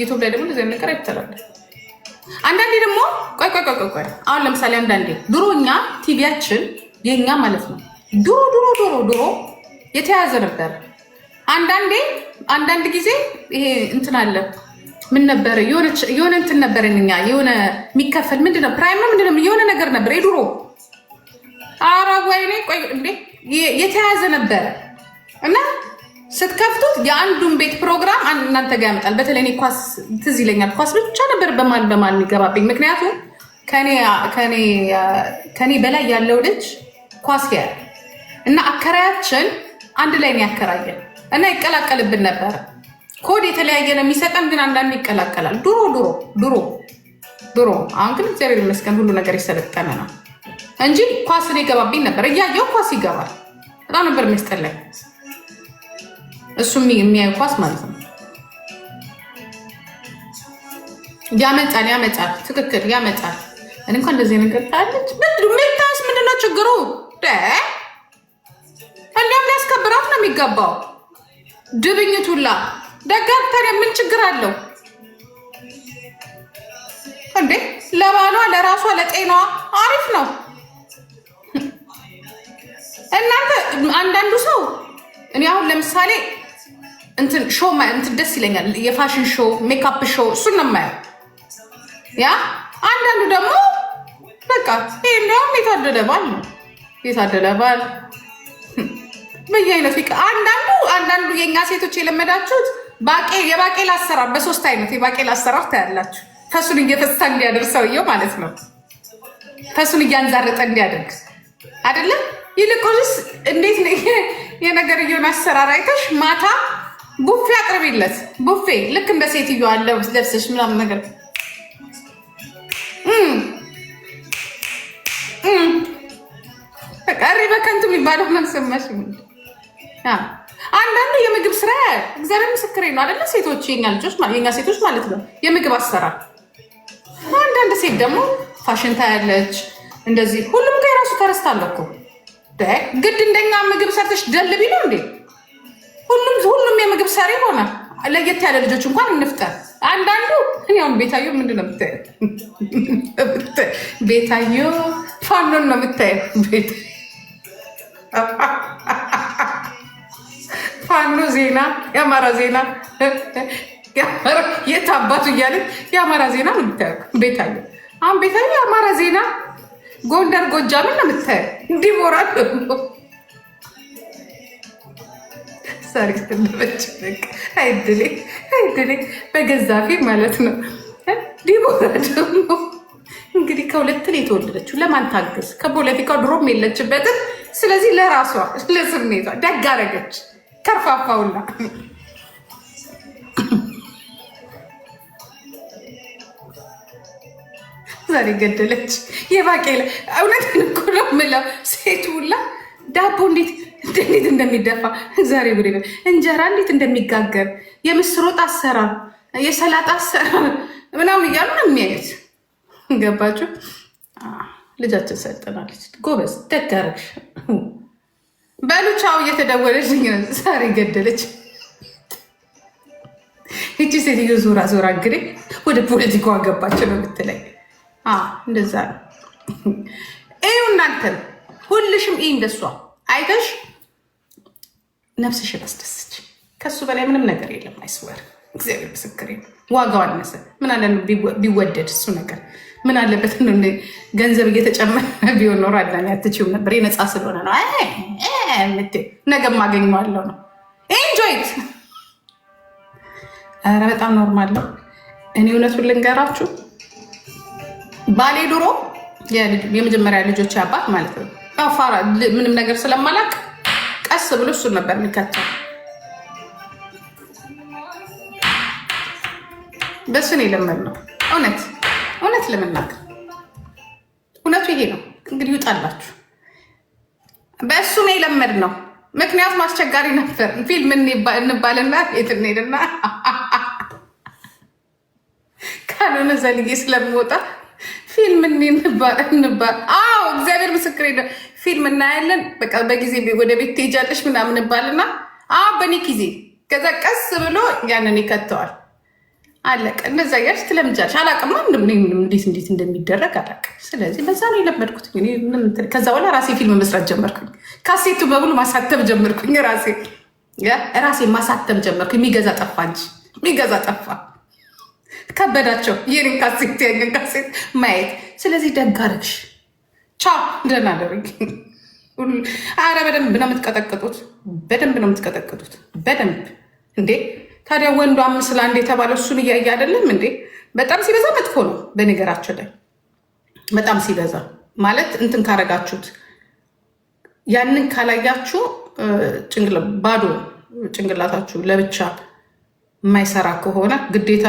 ዩቱብ ላይ ደግሞ እንደዚህ ነገር አይቻላል። አንዳንዴ ደግሞ ቆይ ቆይ ቆይ ቆይ አሁን ለምሳሌ አንዳንዴ ድሮ እኛ ቲቪያችን የኛ ማለት ነው ድሮ ድሮ ድሮ ድሮ የተያዘ ነበር። አንዳንዴ አንዳንድ ጊዜ ይሄ እንትን አለ ምን ነበር የሆነ እንትን ነበረን እኛ የሆነ የሚከፈል ምንድነው ፕራይም ነው ምንድነው የሆነ ነገር ነበር የድሮ አራጓይ ቆይ እንዴ የተያዘ ነበር እና ስትከፍቱት የአንዱን ቤት ፕሮግራም እናንተ ጋር ያመጣል። በተለይ እኔ ኳስ ትዝ ይለኛል። ኳስ ብቻ ነበር በማን በማን የሚገባብኝ። ምክንያቱም ከኔ በላይ ያለው ልጅ ኳስ ያ እና አከራያችን አንድ ላይ ያከራየን እና ይቀላቀልብን ነበር። ኮድ የተለያየ ነው የሚሰጠን፣ ግን አንዳንድ ይቀላቀላል። ድሮ ድሮ ድሮ ድሮ። አሁን ግን እግዚአብሔር ይመስገን ሁሉ ነገር የሰለጠነ ነው እንጂ ኳስን ይገባብኝ ነበር። እያየው ኳስ ይገባል። በጣም ነበር የሚያስጠላኝ። እሱም የሚያዩ ኳስ ማለት ነው። ያመጣል ያመጣል፣ ትክክል ያመጣል። እኔ እንኳ እንደዚህ ንቀጣለች ምታስ ምንድነው ችግሩ? እንዲያም ሊያስከብራት ነው የሚገባው። ድብኝቱላ ደጋግተን ምን ችግር አለው እንዴ? ለባሏ ለራሷ ለጤናዋ አሪፍ ነው። እናንተ አንዳንዱ ሰው እኔ አሁን ለምሳሌ እንትን ሾ እንትን ደስ ይለኛል። የፋሽን ሾ ሜካፕ ሾ እሱን ነው የማየው። ያ አንዳንዱ ደግሞ በቃ ይህ እንዲያውም የታደለ ባል ነው የታደለ ባል በየአይነት አንዳንዱ አንዳንዱ የእኛ ሴቶች የለመዳችሁት የባቄላ አሰራር በሶስት አይነት የባቄላ አሰራር ታያላችሁ። ተሱን እየተስታ እንዲያደርግ ሰውየው ማለት ነው። ተሱን እያንዛረጠ እንዲያደርግ አይደለም። ይልቁንስ እንዴት የነገር የነገርየውን አሰራር አይተሽ ማታ ቡፌ አቅርቢለት። ቡፌ ልክ እንደ ሴትዮ አለ ለብሰሽ ምናምን ነገር ቀሪ በከንቱ የሚባለው ምናሰማሽ። አንዳንዱ የምግብ ስራ እግዚአብሔር ምስክር ነው አደለ? ሴቶች የኛ ልጆች የኛ ሴቶች ማለት ነው የምግብ አሰራር። አንዳንድ ሴት ደግሞ ፋሽን ታያለች እንደዚህ። ሁሉም ጋር የራሱ ተረስት አለ እኮ ግድ። እንደኛ ምግብ ሰርተሽ ደልቢ ነው እንዴ? ሁሉም ምግብ ሰሪ ሆነ ለየት ያለ ልጆች እንኳን እንፍጠር። አንዳንዱ እኔውም ቤታዮ ምንድን ነው የምታየው? ቤታዮ ፋኖን ነው የምታየው። ፋኖ ዜና የአማራ ዜና የት አባቱ እያለ የአማራ ዜና ነው የምታየው ቤታዮ። አሁን ቤታዮ የአማራ ዜና ጎንደር፣ ጎጃምን ነው የምታየው እንዲህ ሞራል ሳሪ እንደመጭበቅ አይድሌ አይድሌ በገዛፊ ማለት ነው። ዲቦራ ደግሞ እንግዲህ ከሁለት ነው የተወለደችው። ለማን ታገዝ? ከፖለቲካ ድሮም የለችበትም። ስለዚህ ለራሷ ለስሜቷ ደግ አደረገች። ከርፋፋውላ ዛሬ ገደለች። የባቄላ እውነት ንኮሎ ምለው ሴቱላ ዳቦ እንዴት እንዴት እንደሚደፋ ዛሬ ብሬ እንጀራ እንዴት እንደሚጋገር የምስር ወጥ አሰራር፣ የሰላጣ አሰራር ምናምን እያሉ ነው የሚያዩት። ገባችሁ? ልጃችን ሰጠናለች። ጎበዝ ደጋረግሽ በሉቻው እየተደወለች ዛሬ ገደለች። እቺ ሴትዮ ዞራ ዞራ እንግዲህ ወደ ፖለቲካዋ ገባች ነው የምትለኝ። እንደዛ ነው። እዩ እናንተ ሁልሽም ይህ እንደሷ አይተሽ ነፍስሽን አስደስች። ከሱ በላይ ምንም ነገር የለም። አይስወር እግዚአብሔር ምስክሬ፣ ዋጋው አነሰ። ምን አለ ቢወደድ እሱ ነገር ምን አለበት? ገንዘብ እየተጨመረ ቢሆን ኖሮ አዳሚ አትችይም ነበር። የነፃ ስለሆነ ነው ነገ ማገኘዋለው ነው። ኢንጆይት ኧረ በጣም ኖርማል ነው። እኔ እውነቱን ልንገራችሁ ባሌ ድሮ የመጀመሪያ ልጆች አባት ማለት ነው ምንም ነገር ስለማላቅ ቀስ ብሎ እሱን ነበር የሚከተው። የለመድ ነው። እውነት እውነት ለመናገር እውነቱ ይሄ ነው። እንግዲህ ይውጣላችሁ። በእሱ ነው የለመድነው። ምክንያቱም አስቸጋሪ ነበር። ፊልም እንባልና ቤት እንሄድና ካልሆነ ዘልዬ ስለምወጣ ፊልም እንባል። አዎ እግዚአብሔር ምስክር ፊልም እናያለን። በቃ በጊዜ ወደ ቤት ትሄጃለሽ ምናምን ባልና በእኔ ጊዜ ከዛ ቀስ ብሎ ያንን ይከተዋል። አለቀ። እነዛ ያች ትለምጃለሽ። አላቅማ እንዴት እንዴት እንደሚደረግ አላቅ። ስለዚህ በዛ ነው የለመድኩት። ከዛ በኋላ ራሴ ፊልም መስራት ጀመርኩኝ። ካሴቱ በሙሉ ማሳተም ጀመርኩኝ። ራሴ ራሴ ማሳተም ጀመርኩኝ። የሚገዛ ጠፋ እንጂ የሚገዛ ጠፋ። ከበዳቸው ይህን ካሴት ያንን ካሴት ማየት። ስለዚህ ደግ አደረግሽ። ቻ እንደናደርግ አረ በደንብ ነው የምትቀጠቅጡት። በደንብ ነው የምትቀጠቅጡት። በደንብ እንዴ! ታዲያ ወንዱ ምስል አንድ የተባለው እሱን እያየ አይደለም እንዴ? በጣም ሲበዛ መጥፎ ነው። በነገራችን ላይ በጣም ሲበዛ ማለት እንትን ካረጋችሁት ያንን ካላያችሁ ባዶ ጭንቅላታችሁ ለብቻ የማይሰራ ከሆነ ግዴታ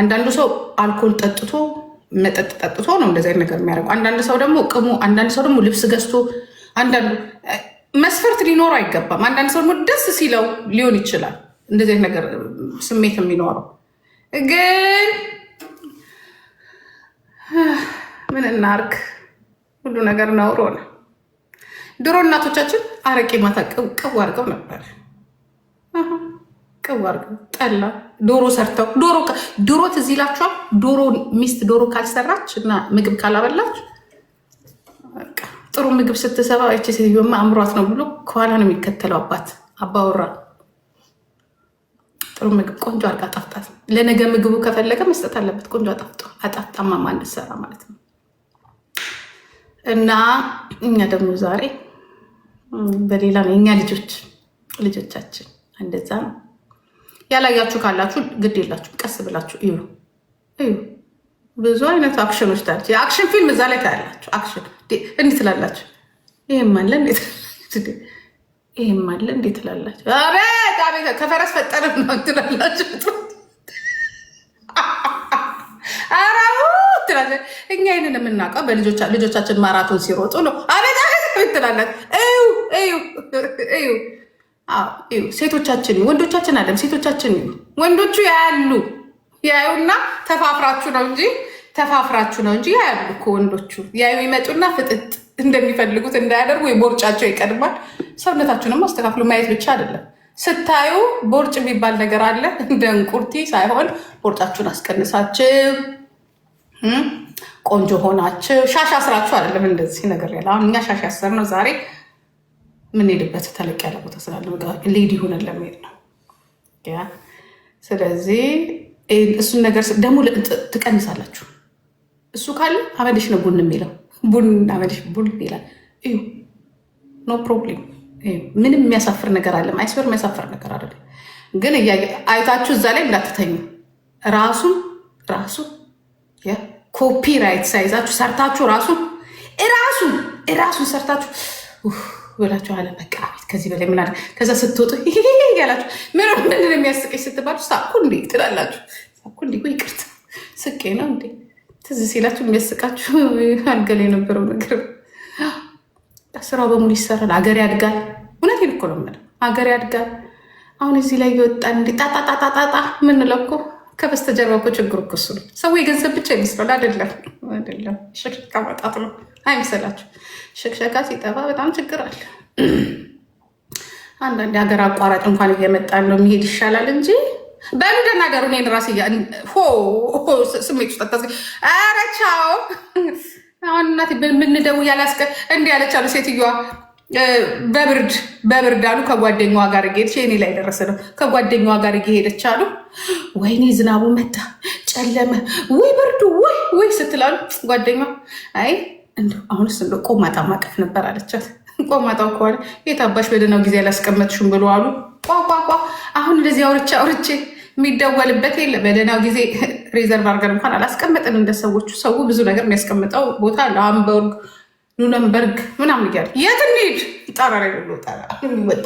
አንዳንዱ ሰው አልኮል ጠጥቶ መጠጥ ጠጥቶ ነው እንደዚህ አይነት ነገር የሚያደርገው። አንዳንድ ሰው ደግሞ ቅሙ፣ አንዳንድ ሰው ደግሞ ልብስ ገዝቶ፣ አንዳንዱ መስፈርት ሊኖሩ አይገባም። አንዳንድ ሰው ደግሞ ደስ ሲለው ሊሆን ይችላል እንደዚህ ነገር ስሜት የሚኖረው ግን ምን እናርግ፣ ሁሉ ነገር ነውሮ ነው። ድሮ እናቶቻችን አረቄ ማታ ቅብ አድርገው ነበር። ቅዋር ጠላ ዶሮ ሰርተው ዶሮ ዶሮ ትዝ ይላችኋል። ዶሮ ሚስት ዶሮ ካልሰራች እና ምግብ ካላበላች ጥሩ ምግብ ስትሰባ እቺ ሴትዮማ አምሯት ነው ብሎ ከኋላ ነው የሚከተለው አባት አባወራ። ጥሩ ምግብ ቆንጆ አድርጋ አጣፍጣት። ለነገ ምግቡ ከፈለገ መስጠት አለበት። ቆንጆ አጣፍጦ አጣፍጣማ ማን ሰራ ማለት ነው። እና እኛ ደግሞ ዛሬ በሌላ ነው የኛ ልጆች ልጆቻችን እንደዛ ነው። ያላያችሁ ካላችሁ ግድ የላችሁ፣ ቀስ ብላችሁ እዩ እዩ። ብዙ አይነት አክሽኖች ታ የአክሽን ፊልም እዛ ላይ ታያላችሁ። አክሽን እንዲህ ትላላችሁ፣ ይህም አለ ይህም አለ እንዲህ ትላላችሁ። አቤት አቤት ከፈረስ ፈጠረ ነው ትላላችሁ። አራው ትላለ እኛ ይህንን የምናውቀው በልጆቻችን ማራቶን ሲሮጡ ነው። አቤት አቤት ትላላችሁ። እዩ እዩ እዩ ሴቶቻችን ወንዶቻችን አለም ሴቶቻችን ወንዶቹ ያያሉ ያዩና ተፋፍራችሁ ነው እንጂ ተፋፍራችሁ ነው እንጂ ያያሉ እኮ ወንዶቹ ያዩ ይመጡና ፍጥጥ እንደሚፈልጉት እንዳያደርጉ ቦርጫቸው ይቀድማል። ሰውነታችሁንም አስተካክሎ ማየት ብቻ አይደለም። ስታዩ ቦርጭ የሚባል ነገር አለ። እንደ እንቁርቲ ሳይሆን ቦርጫችሁን አስቀንሳችሁ ቆንጆ ሆናችሁ ሻሽ አስራችሁ አይደለም። እንደዚህ ነገር ያለ አሁን እኛ ሻሽ ዛሬ የምንሄድበት ተለቅ ያለ ቦታ ስላለ ሌዲ ሆነን ለመሄድ ነው። ስለዚህ እሱን ነገር ደግሞ ትቀንሳላችሁ። እሱ ካለ አበደሽ ነው ቡን የሚለው ቡን አበደሽ ቡን ይላል። እዩ ኖ ፕሮብሌም። ምንም የሚያሳፍር ነገር አለም አይስበር የሚያሳፍር ነገር አለ። ግን አይታችሁ እዛ ላይ እንዳትተኙ ራሱን ራሱ ኮፒራይት ሳይዛችሁ ሰርታችሁ ራሱን ራሱን ራሱን ሰርታችሁ ብላችሁ አለ በቃ ቤት ከዚህ በላይ ምን አለ። ከዛ ስትወጡ ያላችሁ ምን ምንድን የሚያስቀኝ ስትባሉ ሳኩ እንዴ ትላላችሁ። ሳኩ እንዲ ይቅርት ስቄ ነው እንዴ ትዝ ሲላችሁ የሚያስቃችሁ አልገል የነበረው ነገር። ስራው በሙሉ ይሰራል። አገር ያድጋል። እውነት ይልኮ ነው አገር ያድጋል። አሁን እዚህ ላይ የወጣ እንዲ ጣጣጣጣጣጣ ምንለው እኮ ከበስተጀርባ እኮ ችግሩ እኮ እሱ ነው። ሰው የገንዘብ ብቻ ይመስላል። አደለም፣ አደለም ሽርካ ማጣት ነው። አይመስላችሁ? ሸክሸካ ሲጠፋ በጣም ችግር አለ። አንዳንድ ሀገር አቋራጭ እንኳን እየመጣን ነው የሚሄድ ይሻላል እንጂ በምንድን ሀገር እኔን ራስ ስሜት ውስጥ አታስ ኧረ ቻው። አሁን እናቴ ምንደው ያላስቀ እንዲህ ያለች አሉ ሴትዮዋ በብርድ በብርድ አሉ ከጓደኛዋ ጋር እየሄደች እኔ ላይ ደረሰ ነው። ከጓደኛዋ ጋር እየሄደች አሉ ወይኔ ዝናቡ መጣ ጨለመ፣ ወይ ብርዱ ወይ ወይ ስትላሉ ጓደኛ አይ አሁንስ እንደ ቆማጣ ማቀፍ ነበር አለቻት። ቆማጣው ከሆነ አባሽ በደህናው ጊዜ አላስቀመጥሽም ብሎ አሉ። ቋቋቋ አሁን እንደዚህ አውርቼ አውርቼ የሚደወልበት የለ። በደህናው ጊዜ ሪዘርቭ አድርገን እንኳን አላስቀመጥን። እንደ ሰዎቹ ሰው ብዙ ነገር የሚያስቀምጠው ቦታ አለ። ሃምበርግ፣ ኑረምበርግ ምናምን እያለ የት እንሂድ? ጠራ ጠራ